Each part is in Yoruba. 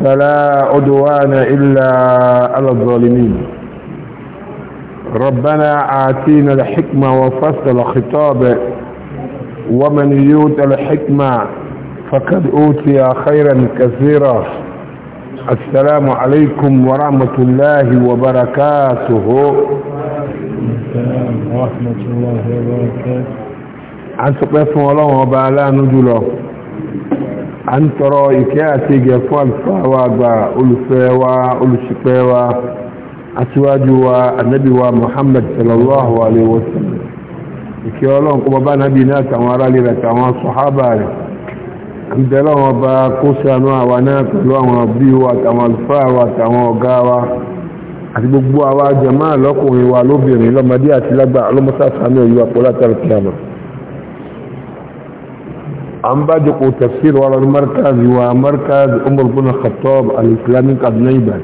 فلا عدوان إلا على الظالمين ربنا آتينا الحكمة وفصل خطابه ومن يوت الحكمة فقد أوتي خيرا كثيرا السلام عليكم ورحمة الله وبركاته السلام ورحمة الله وبركاته عن سقف الله وبعلا نجله a ń tọrọ ìkẹ́ àti ìgẹ̀ fún àlùfáà wa àgbà olùfẹ́ wa olùṣìpẹ̀ wa aṣíwájú wa ànábì wa Muhammad sallallahu alaihi wa sallam ìkẹ́ ọlọ́run kó bàbá ànábì náà tàwọn aráàlú rẹ̀ tàwọn sọ̀hábà rẹ̀ ń bẹ̀rẹ̀ wọn bá kó sànú àwa náà pẹ̀lú àwọn bí wa àtàwọn àlùfáà wa àtàwọn ọ̀gá wa àti gbogbo àwa jàmáà lọ́kùnrin wa lóbìnrin lọ́mọdé àti lágbà ọlọ́mọsáfà náà yíwa pọ̀ látàrí kìámà an ba da ko tafsir wa markaz wa markaz umar bin khattab al-islami qad naiba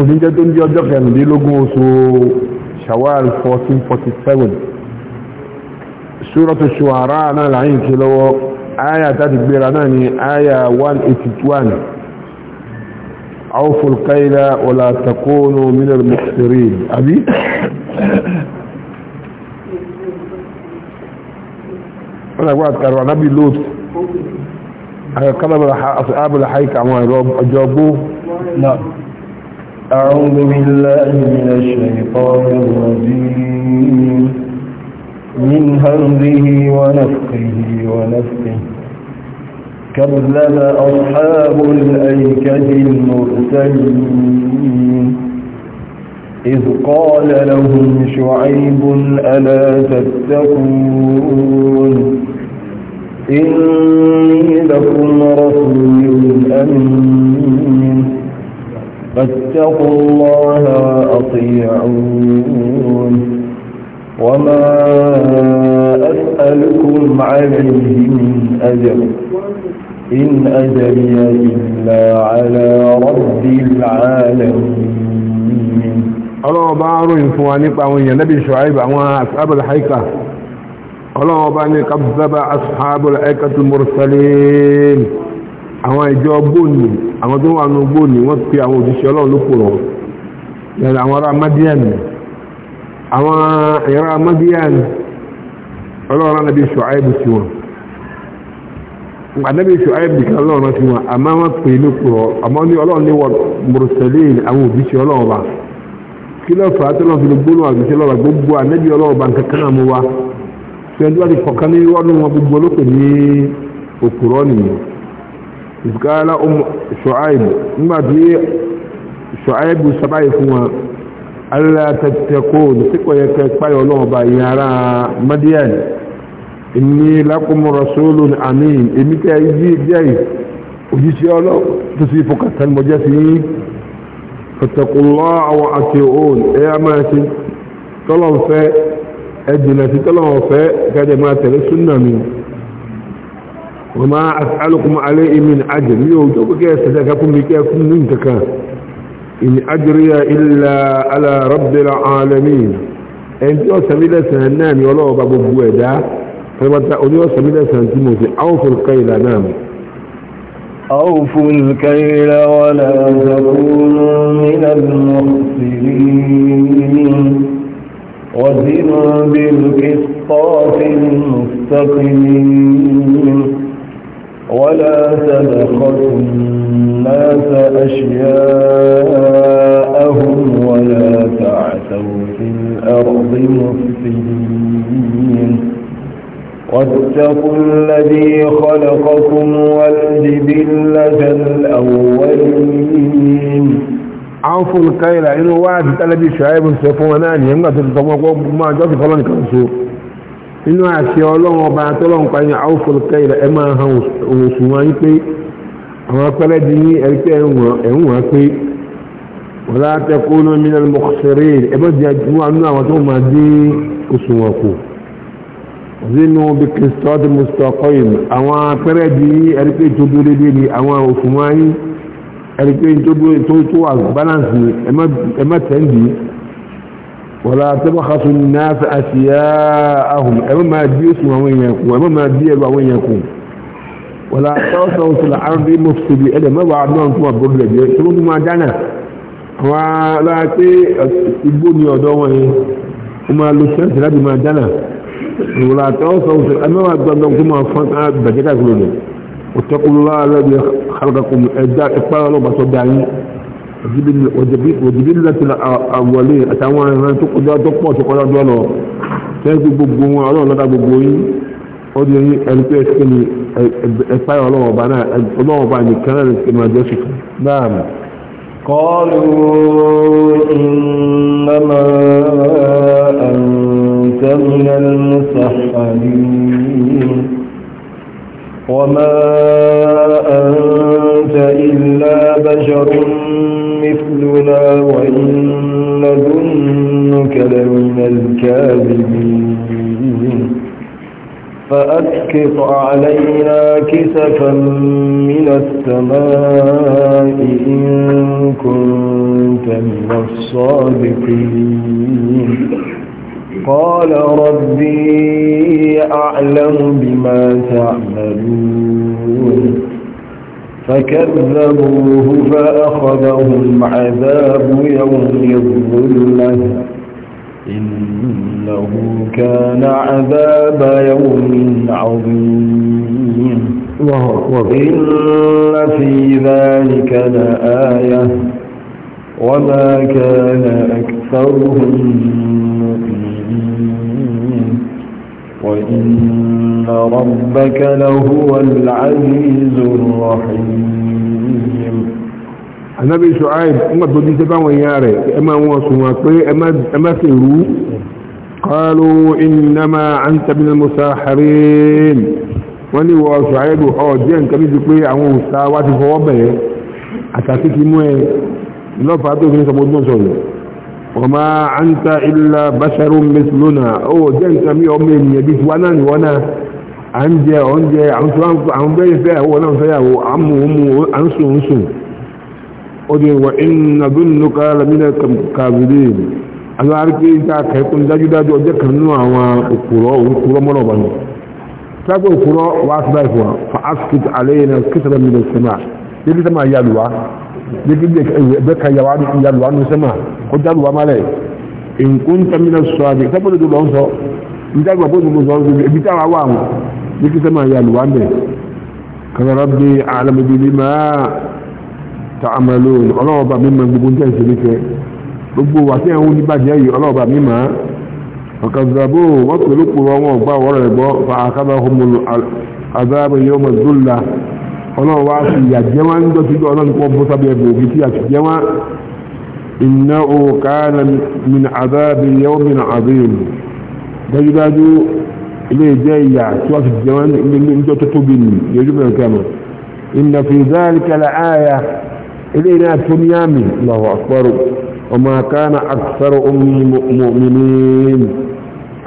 odin je don je ọjọ́ kan di lógún oṣù shawwal 1447 suratu shuara na lain kilowo aya ta digbera na ni aya 181 awful qayla wa la takunu min al-muhsirin abi ọlọ́gbà àtàrà anábì lóòtù àkàkàlàbà àbúlà haika àwọn ọjọ́ ọgbó náà أعوذ بالله من الشيطان الرجيم من همزه ونفقه ونفقه كذب أصحاب الأيكة المرسلين إذ قال لهم شعيب ألا تتقون إني لكم رسول أمين فاتقوا الله وأطيعون وما أسألكم عليه من أجر إن أجري إلا على رب العالمين الله ròyìn fún wa nípa àwọn èèyàn lẹ́bí ṣùgbọ́n àwọn ọlọ́run ọba ní kàbùsábà asáàbùl ẹ̀kàtù mọ̀rọ̀sálẹ́ẹ̀n àwọn ìjọ gbóòní àwọn tó wà ní gbóòní wọ́n pe àwọn òjíṣẹ́ ọlọ́run ló pòrọ̀ yẹn àwọn ará madian àwọn ará madian ọlọ́run anábì ṣùáìbù sí wọn anábì ṣùáìbù kan ọlọ́run sí wọn àmọ́ wọ́n pè ní pòrọ̀ àmọ́ ní ọlọ́run ní mọ̀rọ̀sálẹ́ẹ̀n àwọn òjíṣẹ́ ọlọ́run ọba kí lọ́ọ̀fà tó lọ́ọ̀ fi gbóòní àgbẹ̀ṣẹ́ lọ́ọ̀ pẹ̀lú àti fọ̀kan ní ọdún wọn gbogbo olókè ní òkúrọ́ nìyẹn ìfikàlá umm ṣọ́áìbù nígbà tí ṣọ́áìbù sábàáyé fún wọn alátẹ̀tẹ̀kọ́ nípò yẹ kẹ́ páyọ̀ ọlọ́run bá yẹn ara madian ìní lakum rasulun amin èmi tẹ́ yí jẹ́ òjíṣẹ́ ọlọ́run tó sì fọkàtà mọ́jẹ́ sí fattaqullaha wa ati'un ẹ̀ á máa ṣe tọ́lọ́ fẹ́ ادنا في كلام وفاء كذا ما تلسنا منه وما اسالكم عليه من اجر يوجب كيف تكون بكيكم منك كان ان اجري الا على رب العالمين ان انت وسميلا سنان يولو بابو بويدا فبتا اولو سميلا سنتمو في اوف الكيل نام اوفوا الكيل ولا تكونوا من المخسرين وزن بالقسطاس المستقيم ولا تبخس الناس أشياءهم ولا تعثوا في الأرض مفسدين واتقوا الذي خلقكم والجبلة الأولين àǹfò kaila inú wá àti tálẹ́bí ṣàìbù ṣe fún wọn náà nìyẹn nígbà tó ti tọmọ pọ́ máa jọ́sìn fọ́lọ́ nìkan ṣo inú àṣẹ ọlọ́run ọba tọ́lọ́run pààyàn àǹfò kaila ẹ máa han òṣù wọn yí pé àwọn apẹ́lẹ́ di ní ẹ̀ríkẹ́ ẹ̀hún wọn pé wọ́n láti kó ní omi náà mọ̀kọ́sẹ̀rẹ́ ẹ bá di àjùmọ̀ àánú àwọn tó máa dé oṣù wọn kù zinu bi kristu ọdún mustaqim àwọn apẹ́lẹ́ di ní ẹ̀ríkẹ́ tó dúró dé ní àwọn òṣù wọn yìí ẹni pé tó tó tó wà balance ni ẹ má tẹ̀ ń di wọ́lá tẹ́bọ̀ kásùn náà fẹ́ àṣìyá ahùn ẹ má máa bí èsùn àwọn èèyàn kù ẹ má máa bí ẹrù àwọn èèyàn kù wọ́lá tọ́sọ̀ òṣèlú àrùndé mọ́fìsìlì ẹ̀dẹ̀ mẹ́wàá náà tó wà gbọ́dọ̀ ẹ̀jẹ̀ tó mọ́ tó máa dáná àwọn alára pé igbó ni ọ̀dọ́ wọn yẹn wọ́n máa lo sẹ́ǹsì láti máa dáná wọ́lá tọ́sọ̀ òṣèlú ẹ̀mẹ́wàá واتقوا الله الذي خلقكم اداء اقبال الله بصدعين وجبلة الأولين أتعوانا أن تقضى تقوى تقضى دولا تنسي ببقوا الله لك ببقوين أدري أن تسكني إفاية الله بنا الله بنا كان لسكما جسك نعم قالوا إنما أنت من المسحرين وما أنت إلا بشر مثلنا وإن ظنك لمن الكاذبين فأسقط علينا كسفا من السماء إن كنت من الصادقين قال ربي أعلم بما تعملون فكذبوه فأخذهم عذاب يوم الظلمة إنه كان عذاب يوم عظيم إن في ذلك لآية وما كان أكثرهم وإن ربك لهو العزيز الرحيم النبي شعيب أما تبدي تبعوا ياري أما واسوا أما تيرو قالوا إنما أنت من المساحرين wọ́n wọ ṣùgbọ́n ọ̀jẹ́ nǹkan bí i pé àwọn òṣà wá ti fọwọ́ bẹ̀ẹ́ àtàkì ti mú ẹ lọ́pàá tó fi ń sọpọ̀ sọ̀rọ̀ وما أنت إلا بشر مثلنا أو جنت مي أمي يبيت وانا وانا أنجى أنجى أنسوان أنبي فيه وانا فيه عمو أمو أنسو أنسو أدي وإن ظنك لمن الكاذبين أنا أعرف إذا كيكون داجو داجو أجا كنوا وكرا وكرا مرابا تابو كرا واسبايفوا فأسكت علينا كثرا من السماء يلي سماء يالوا gẹ́gẹ́ ẹgbẹ́ kan yà wà ní ìyàlùwà ní sẹ́mà kó jálùwà málẹ̀ nǹkan tẹ́mínà sọ àbí ìtẹ́bọ̀lẹ̀ tó lọ ń sọ ìjálùwà bó ti mú sọ ọ́nà ibi táwa wà wọn ní kí sẹ́mà yàlùwà mẹ́ kàrọ̀rọ̀ bí alàmìbí bí máa ta àmàlò ọlọ́wọ́ bá mímọ gbogbo ń tẹ̀sí ní kẹ gbogbo wà sí àwọn oníbàjẹ́ yìí ọlọ́wọ́ bá mímọ ọ̀kàzàbò wọ́n pẹ̀lú pòrọ̀ wọn gbà wọ́rọ̀ ọlọ́run wá sí ìyà jẹ wá ń dọ́tíjọ́ ọlọ́run kọ́ bó sábẹ́ ẹ̀bùn òbí tí a ti jẹ wá iná òkà min àdáàbí yẹ́wọ́ min àdéhùn dájúdájú ilé jẹ́ ìyà tí wọ́n ti jẹ wá níjọ́ tó tóbi nì yẹjú bẹ̀rẹ̀ kẹ́mọ̀ iná fi záàlì kẹlẹ̀ ààyà ilé náà tó ní àmì lọ́wọ́ àpọ̀rọ̀ ọmọ akána àkùsọ̀rọ̀ òmìnirin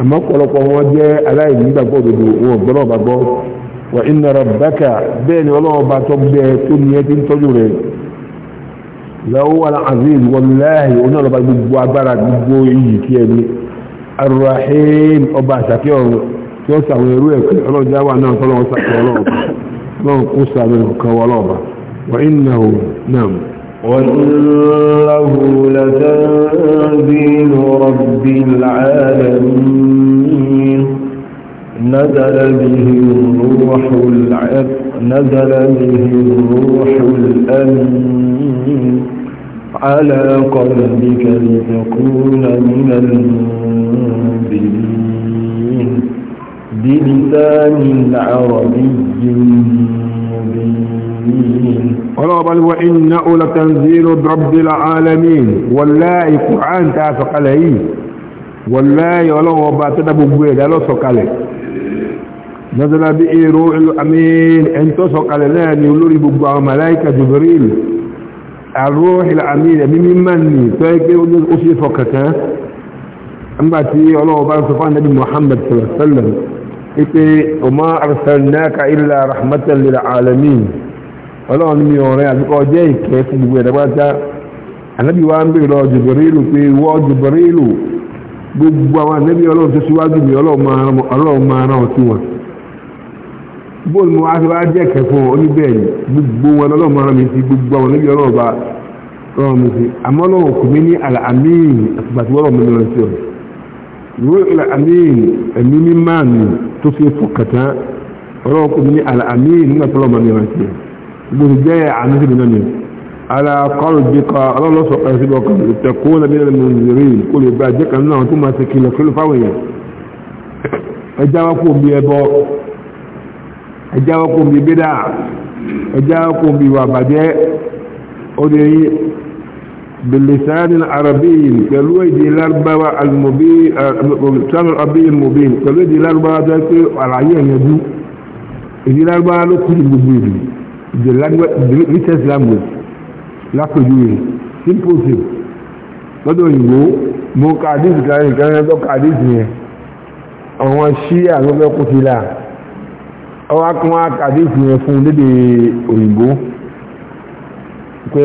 àmọ́ pọ̀lọpọ̀ wọn jẹ́ aláìnígbàgbọ́ òdodo wọn gbọ́dọ̀ gbàgbọ́ وإن ربك بين ولو باتم بيتون يتين تجوري لهو العزيز والله ونرى بقبو عبارة بقبو يجي الرحيم أباسك يوم يوسع ويرويك الله جاوى نعم أنه صلى الله عليه وسلم وإنه نعم وإنه لتنزيل رب العالمين نزل به الروح العب نزل به الروح الأمين على قلبك لتكون من المنذرين بلسان عربي مبين قال أولى تنزيل رب العالمين والله قرآن تعفق عليه والله ولو باتنا بقوة لا سكاله نزل به روح الأمين انتو سوق على لاني ولوري ببا ملائكة جبريل الروح الأمين من من مني فاكي أسي فوقتها أما تي الله بان سبحان النبي محمد صلى الله عليه وسلم ايه وما أرسلناك إلا رحمة للعالمين الله نمي وريا ابي جاي كيف ده بقى النبي وان بي لو جبريل في و جبريل بقى النبي الله تسواجي الله ما الله ما أرى bóòlù mo wá sí wá jẹ́ kẹfọ́ oníbẹ̀ gbogbo wọn ọlọ́mọ ara mi sí gbogbo àwọn oníbẹ̀ ọlọ́ọ̀bá rọrùn mi sí àmọ́ lọ́wọ́ kò ní àtìgbàtí lọ sí ìwé tó fi fọkàtà ní nígbà tó mi sí gbogbo jẹ́ àmì sí mi على قلبك الله سبحانه ẹjáwọ́ kò bí bídá ẹjáwọ́ kò bí wà bàjẹ́ odèyí bìlìsáàdì arabiyin pẹ̀lú èdè lárúbáwá arabiyin mobin pẹ̀lú èdè lárúbáwá tó pé àlàyé ẹ̀yẹ̀dú èdè lárúbáwá ló kúrò gbogbo èdè the richest language lápèjúwe simple simple lọ́dọ̀ òyìnbó mo ka àdìsí kan nìkan tó ka àdìsí yẹn àwọn ṣí àgbẹ̀fẹ́ kùtìlá ọwọ́ akún wá kàdé ìfìyàn fún lédè òyìnbó pé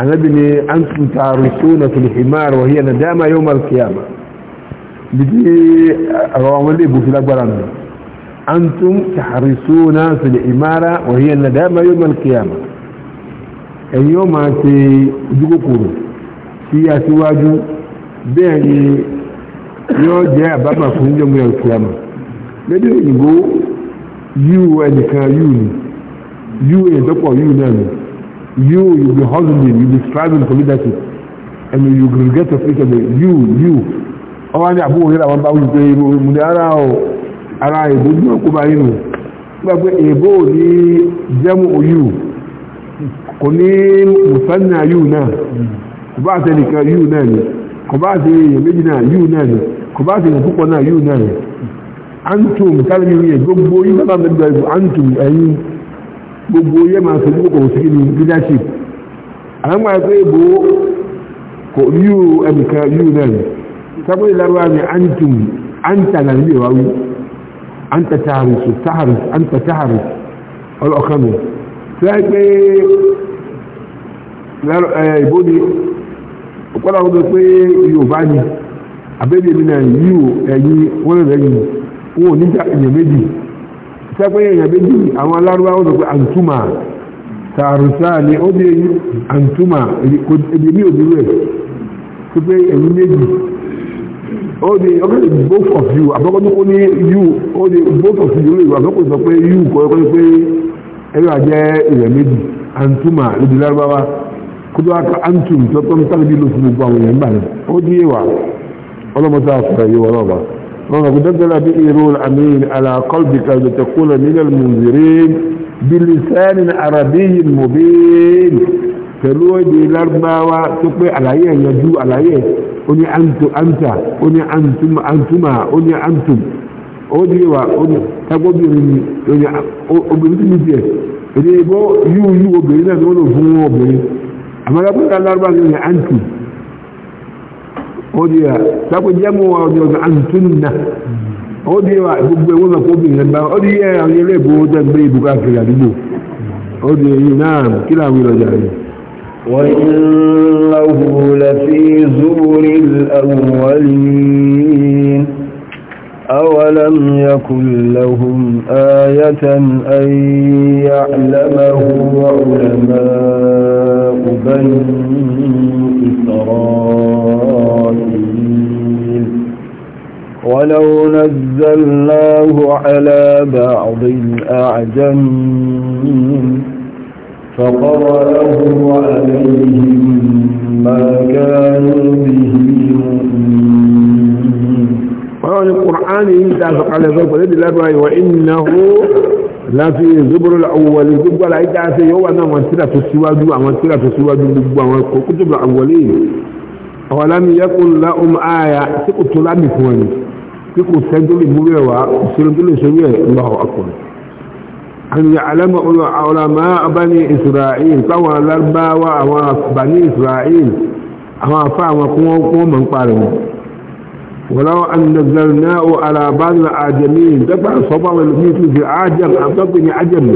anábì ni a ń tuta rùsó na filhimar wà híyà na dáma yóò mara kiyama bìtí àwọn ọmọdé ìbòfin lágbára nù an tún tàrísó na filhimara wà híyà na dáma yóò mara kiyama ẹ̀yìn yóò máa ṣe ojúkòkòrò sí aṣíwájú bẹ́ẹ̀ ni yóò jẹ́ àbámà fún jọmọ́ kiyama lédè òyìnbó yíò ẹnìkan yíò ni yíò èyàn tó yíò náà ni yíò you be hustling you be striving for leadership and you will get your future day yíò yíò ọwọ́ ní àbúrò yẹ́ra wọn bá wù pé mo ní ara ọ̀ ara èbó ní ọkọ̀ bá yín nù nígbà pé èbó ní jẹ́mu òyìò kò ní mùsànnà yíò náà kò bá àtẹnìkan yíò náà ni kò bá àti èèyàn méjì náà yíò náà ni kò bá àti púpọ̀ náà yíò náà ni antum kálí yẹ gbogbo yìí bàbá mi bẹ̀rẹ̀ antum ẹ̀yin gbogbo yẹ máa sọ gbogbo kò sí ní leadership àwọn máa pé ìbò kò yíò ẹnìkan yíò náà ni sábẹ́ ìlàrúwá ni antum anta náà níbi ìwáwí anta taharisu taharis anta taharis ọlọ́kan mi sáyẹ́ pé ìbò ni ọ̀pọ̀lọpọ̀ pé Yorùbá ni abẹ́lẹ̀ mi náà yíò ẹ̀yin wọ́n rẹ̀ yìí wọn ò ní jà èèyàn méjì sẹ́pẹ́ èèyàn méjì àwọn alárúbá ó sọ pé àǹtúmà tààrùsá ni ó dé àǹtúmà èdè ní òdúró ẹ̀ tó pé èyí méjì ó both of you àbọ́kọ́ you ó dé both of you lè àbọ́kọ́ sọ pé you kọ́ pé ẹ̀rọ àjẹ́ èèyàn méjì àǹtúmà èdè lárúbá wa kó tó wá àǹtúm tó lóṣù gbogbo àwọn èèyàn ní ó فنقدرنا بإيرو العميل على قلبك أن تكون من المنذرين بلسان عربي مبين كلوة دي الأربعة تقوي على إيه يجو على إيه أني أنت أنت أني أنتم أنتما أني أنتم أودي وا أني تقوي بني أني أبني بني بيه ريبو يو يو بني أنا أقول فو بني أما لا بد الأربعة أني أنتم odiwa lápò jẹ́mu ọ̀dọ̀ àtúnná odiwa gbogbo ẹ̀wọ̀n náà kóbi ìrìn bá odiwa àwọn ilé ìbò dẹ́gbẹ́ ìbò káàkiri àdúgbò odiwa yìí náà kí làwọn ìlọjà rẹ̀. وإنه لفي زور الأولين أولم يكن لهم آية أن يعلمه علماء بني لو نزلناه على بعض الأعجمين فقرأه عليهم ما كانوا به مؤمنين القرآن يتعفق على ذلك الذي لا بأي وإنه لا في زبر الأول زبر العيد عسي يوم أنا في السواد ومسيرة السواد وكتب الأولين أولم يقل لهم آية سقط لهم كوانت tí kò sẹ́jú lè mú rẹ̀ wá ìṣòro tó lè ṣorí ẹ̀ lọ́wọ́ ọkùnrin àyè alẹ́mọ̀ ọ̀làmọ́ abáni israel táwọn alárúbáwá àwọn bani israel àwọn afá àwọn kún wọn kún mọ̀ ń parí wọn wọ́láwọ́ anàzàrì náà ó alábáni àjẹmí dẹ́gbà sọ́pọ̀ àwọn tó fi ájẹm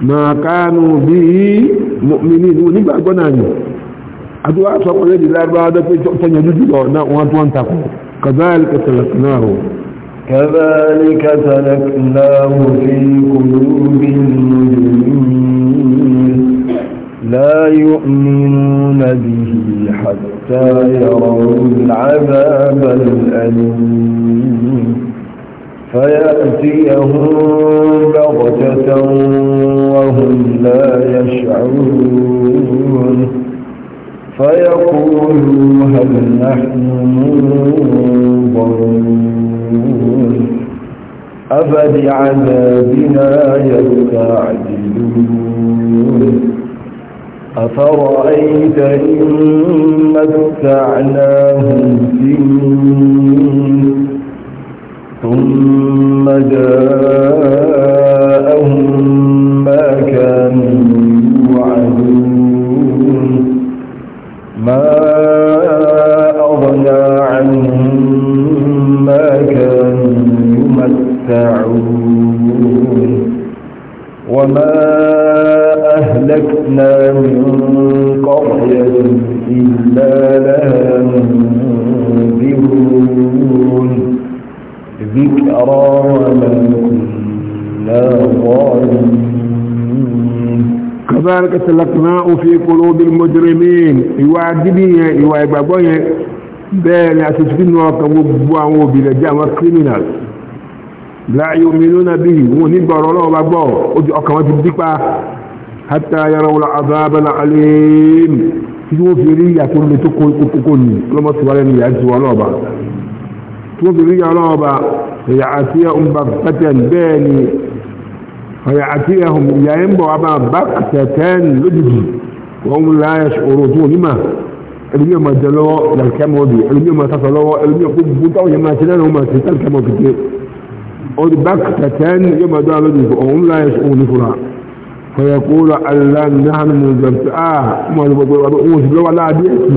ma kanu bi mu'minin ní gbàgbọ́ náà ni àdúrà sọpọ̀lẹ́ di lárúbáwá dọ́pẹ́ tọ́nyẹ dúdú lọ náà wọ́n tó ń takò kazalika talaknahu kazalika talaknahu fi qulubin mujrimin la yu'minuna bihi hatta yarawul 'adhabal alim فيأتيهم بغتة وهم لا يشعرون فيقولوا هل نحن منظرون أفبعذابنا يستعجلون أفرأيت إن متعناهم سنين ثم جاءهم ما كانوا يوعدون ما أغنى عنهم ما كانوا يمتعون وما أهلكنا من قرية إلا أمرا وما كنا ظالمين كذلك سلكناه في قلوب المجرمين يواجبين يواجبين بين أسفين وكبوا وبلجاء وكريمينال لا يؤمنون به ونبر الله وبابا أكوان تبديكا حتى يروا العذاب العليم tí wọ́n fi rí ìyà tó lè tó kókó ní lọ́mọ́síwárẹ́ ní ìyà jù ọlọ́ọ̀bá tí wọ́n fi rí ìyà ọlọ́ọ̀bá فيعاتيهم بغتة باني فيعاتيهم ينبع ما بغتة لجدي وهم لا يشعرون لما ẹlòmíì ọmọ ẹjẹ lọ́wọ́ lẹkẹ mọ bi ẹlòmíì ọmọ ẹsẹ lọ́wọ́ ẹlòmíì ọkọ gbogbo táwọn yẹn máa ṣe lẹ́nu ọmọ ẹsẹ lẹkẹ mọ kìkẹ ọdún bá kẹtẹ ẹni yóò máa dọ́ra lójú ìfọ ọ̀hún láyé ọ̀hún ní fura fọyẹ kó lọ alẹ́ náà ní hàn mú zẹ̀mtì ah ọmọ ẹni gbogbo ọmọ òṣèlú lọ́wọ́ aláàbí ẹ̀sìn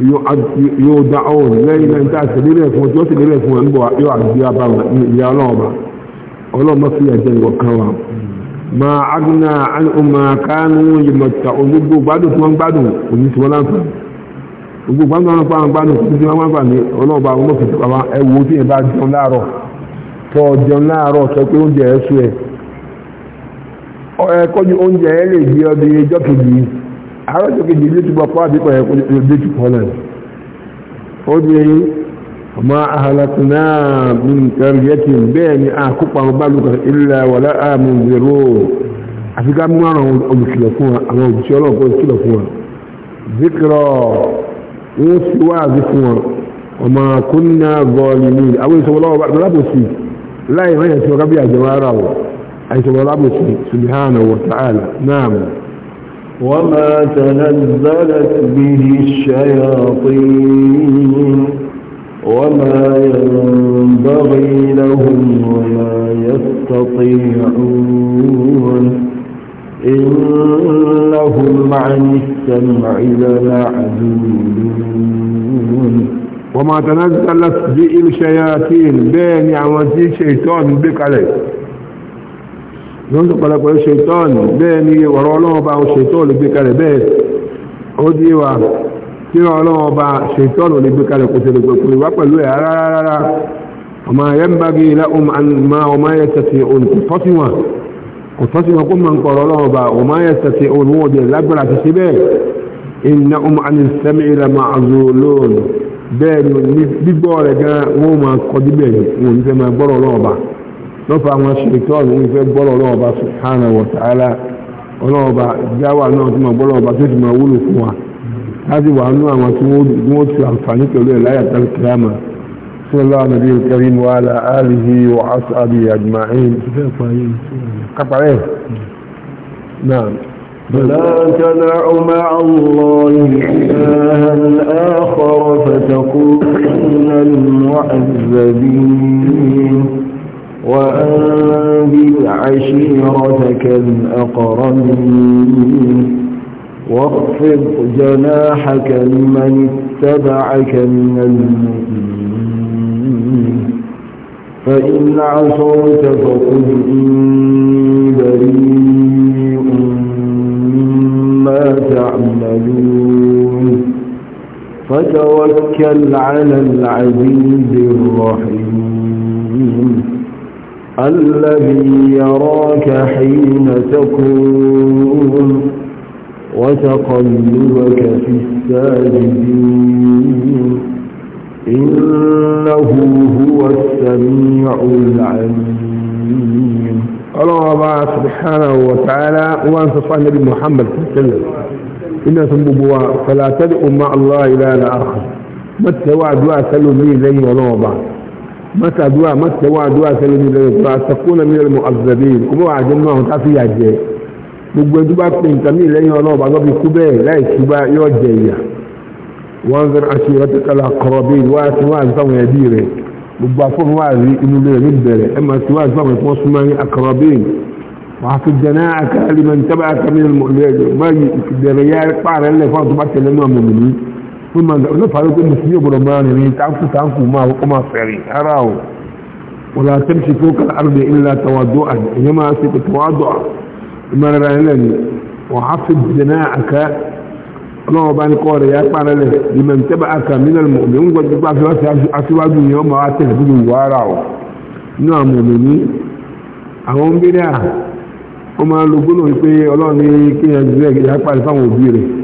yóò da ọ̀hún lẹ́yìn náà níta àti ìdílé ẹ̀fọn tí ó sì yóò àgbé abá ìyá fi ẹ̀jẹ̀ wa. ma an umma kanu yimata láǹfà wọn láǹfà ní wọn fi ti pàmò tí yẹn bá jẹun láàárọ̀ jẹun láàárọ̀ sọ pé oúnjẹ ẹ ẹ oúnjẹ ẹ lè gbé ọdún ẹjọ́ àwọn tó kejì bí túbọ̀ fún àbíkọ̀ yẹ kó lè ó di ọmọ ahàlàtúnà àwọn ọlọ́pọ̀ fún wá fún ọmọ وما تنزلت به الشياطين وما ينبغي لهم وما يستطيعون إنهم عن السمع لمعدودون وما تنزلت به الشياطين بين عوانتي شيطان بك عليه lóun tó pàdàpọ̀ ẹ̀ ṣètọ́ọ̀nù bẹ́ẹ̀ ni ọ̀rọ̀ ọlọ́run ọba ṣètọ́ọ̀nù gbé kalẹ̀ bẹ́ẹ̀ ó dí wa tí ọlọ́run ọba ṣètọ́ọ̀nù lè gbé kalẹ̀ kò tẹ̀lé pẹ̀lú ìwá pẹ̀lú ẹ̀ rárá ọmọ ayé ń bá gé ilá ọmọ ayé tẹ̀sí òun kò tọ́ sí wọn kò tọ́ sí wọn kó máa ń kọ̀rọ̀ ọlọ́run ọba ọmọ ayé tẹ̀sí òun wọn jẹ́ lágbára lọ́pọ̀ àwọn ṣètọ́ọ̀nù ń fẹ́ gbọ́rọ̀ ọlọ́ọ̀bá subhanahu wa ọlọ́ọ̀bá jáwà náà tí mo gbọ́rọ̀ ọba tó ti máa wúlò fún wa láti wà nú àwọn tí wọ́n ti àǹfààní pẹ̀lú ẹ̀ láyà tàbí kìlámà sí ọlọ́wà nàbí karim ní wàhálà alihi wa ashabi ajma'in kápárẹ̀ náà مع الله إلها آخر فتكون من المعذبين وأنذر عشيرتك الأقربين واخفض جناحك لمن اتبعك من المؤمنين فإن عصيت فقل إني بريء مما تعملون فتوكل على العزيز الرحيم الذي يراك حين تكون وتقلبك في الساجدين إنه هو السميع العليم الله سبحانه وتعالى وأنت صلى النبي محمد صلى الله عليه وسلم إن سنبوا فلا تدعوا مع الله إلى آخر ما التواعد وأسألوا لي زي ونوبة متى دعاء متى وعى دعاء سلمي لك تكون من المؤذبين كما وعى جنوى هم تعطي يجي بقوين دبا قلن تمي لين ونوبا نبي كبه لا يشبا يوجي وانظر عشيرتك الأقربين وعى سواء زمان يديري بقوى فهم وعى إنو لي ربري إما سواء زمان يكون سماني أقربين وعفي جناعك لمن تبعك من المؤذبين ما يدريا يقبع لين فانتو بات لنوى مؤمنين fún ma lọ fàájú pé mùsùlùmí ògbọ́dọ̀ máa rìn rìn táǹkù táǹkù máa wọ́pọ̀ máa fẹ̀rìn ara o wọ́n la tẹ́mṣe tó kàlà àrùn ilẹ̀ àtàwàdọ́ àti ẹ̀yẹ́ máa ṣe pé tàwàdọ́ ìmọ̀lára ilẹ̀ ni wọ́n á fi jẹ̀nà àká ọlọ́wọ́ bá ní kọ́ rẹ̀ yá pàrẹ lẹ̀ ìmọ̀ tẹ́bà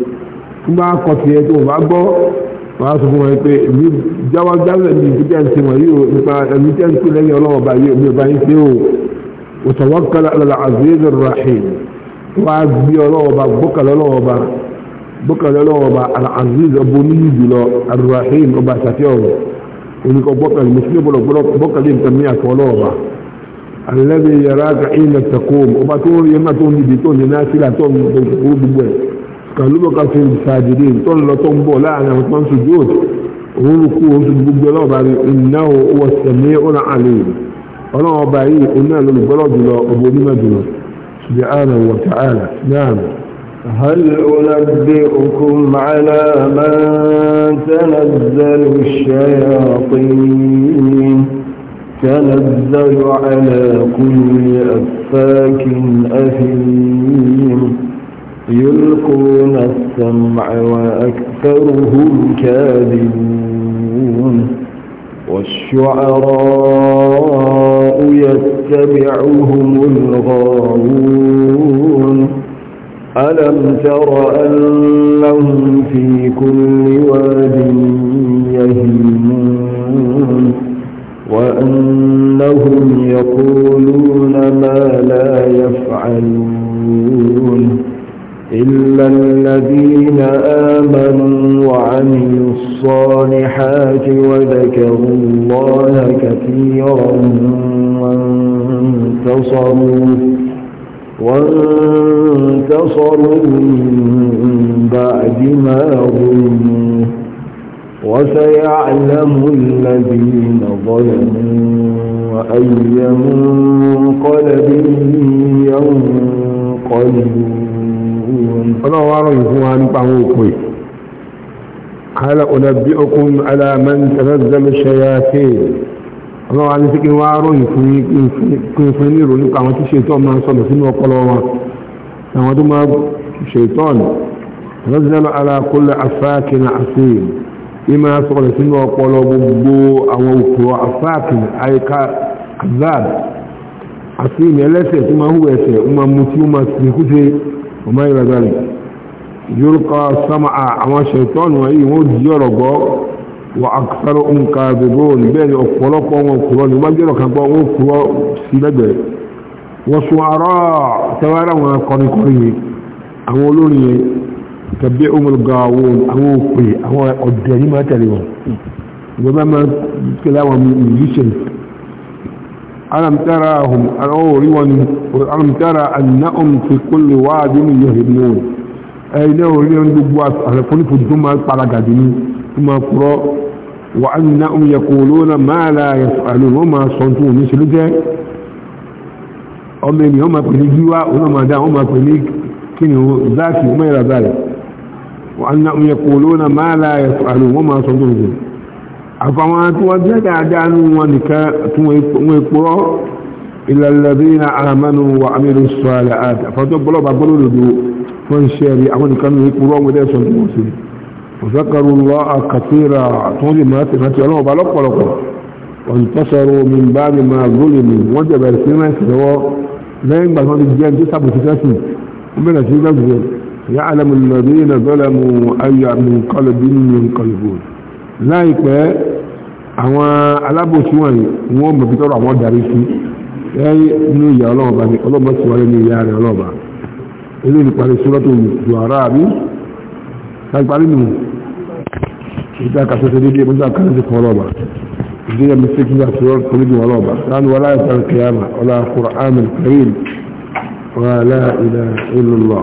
tó bá kọ tiẹ̀ tó o bá gbọ́ wàá sọ fún wọn pé èmi jáwọ́ jáwọ́ ẹ̀mí ìdíjẹ́ ń sìn wọ́n yìí o nípa ẹ̀mí jẹ́ ń sìn lẹ́yìn ọlọ́wọ́ bá yìí omi ọba yìí sí o òtọ̀wọ́kàlà àlàlà àzíyèdè rahim wàá gbé ọlọ́wọ́ bá gbọ́kàlà ọlọ́wọ́ bá gbọ́kàlà ọlọ́wọ́ bá àlà àzíyèdè ọba oníyì jùlọ arahim ọba àtàtì ọ̀rọ̀ oníkọ gbọ́kàlà mùsùlùmí bọ̀lọ̀ gbọ́kàlà kan ló bọ̀ká fi ṣàdìdì tó ń lọ tó ń bọ̀ láàrin àwọn tó ń sojú òtù òun ló kú oṣù gbogbo ọlọ́ọ̀bá rí ìnáwó owó sẹ̀mí ọ̀nà àlè ọlọ́wọ́ ọba yìí oní àlọ́lùgbọ́lọ́ jùlọ ọba onímọ̀ jùlọ subhanahu wa ta'ala náà هل أنبئكم على من تنزل الشياطين تنزل على كل أفاك أثيم يلقون السمع وأكثرهم كاذبون والشعراء يتبعهم الغاوون ألم تر أنهم في كل واد يهيمون وأنهم يقولون ما لا يفعلون إلا الذين آمنوا وعملوا الصالحات وذكروا الله كثيرا وانتصروا وانتصروا من بعد ما ظلموا وسيعلم الذين ظلموا وأي منقلب ينقلبون ọlọ́run wá rọ̀yìn fún wa nípa àwọn òpè kálá ọ̀nàbí okun alamán tẹ́lẹ̀dẹ́lẹ̀ ṣẹyàfẹ́ ọlọ́run wá ní sí kí wá rọ̀yìn fún ìfún ní ìròyìn nípa àwọn tí ṣètọ́ máa sọ̀rọ̀ tó máa ṣètọ́ وما إلى ذلك يلقى سمع أما شيطان وإيه يرغب وأكثرهم كاذبون بين أقلقهم وقلون ما جلو كان بقوا وقلوا سيدة وشعراء سوارا ونقري قريه أولوني تبعهم القاوون أولوني أولوني أدري ما تليون وما كلاهم يشرك ألم تراهم ألم ترى أنهم في كل واد يهرمون أي له لهم دبوات على كل فدهم الطلقة ثم قرأ وأنهم يقولون ما لا يفعلون وما صنتون مثل ذلك ọmọ ènìyàn máa pè ní gíwá onámàdá wọn máa pè ní kíni záàkì ọmọ ìrà záàkì wọn yẹ kò lónà máa láàyè àrùn wọn máa sọ tó rùgbọ́n àfàwọn tí wọ́n jẹ́ dáadáa ní wọn nìkan tí wọ́n èpò ìlàlẹ́bìnà àmànù wa amílù sọ́ọ̀lẹ̀ àti àfàtọ́ bọ́lọ́bà gbọ́lódòdó fún iṣẹ́ rí àwọn nìkan ní èpò wọ́n wọlé ẹ̀sọ́ tó wọ́n sí òṣèkàrù lọ àkàtìrà tó wọ́n lè máa tẹ̀lé àti ọlọ́wọ́ bá lọ́pọ̀lọpọ̀ wọ́n tẹ́sọ̀rọ̀ mi bá mi máa gbólè mi wọ́n jẹ̀ bẹ̀rẹ̀ sí rẹ̀ lọ́wọ́ lẹ́yìn ìgbà tó ti jẹ́ ní sábòtí sẹ́sì wọ́n bẹ̀rẹ̀ sí gbàgbé ya'lamu alladhina zalamu ayya min qalbin yanqalibun láìpẹ́ àwọn alábòsí wọn ni wọ́n mọ̀ bí tọ́rọ àwọn darí sí lẹ́yìn inú ìyá ọlọ́ọ̀bá ni ọlọ́ọ̀bá sì wáyé ní ìyá rẹ̀ ọlọ́ọ̀bá ilé ìparí sọ́lọ́tò Shu'ara àbí láìparí nù ìdá kàtọ́sẹ̀ dédé mọ́jọ́ àkàrẹ́sì fún ọlọ́ọ̀bá ìdí ẹ̀mí sẹ́kì ní àtúrọ̀ kọ́lẹ́jì ọlọ́ọ̀bá láàánú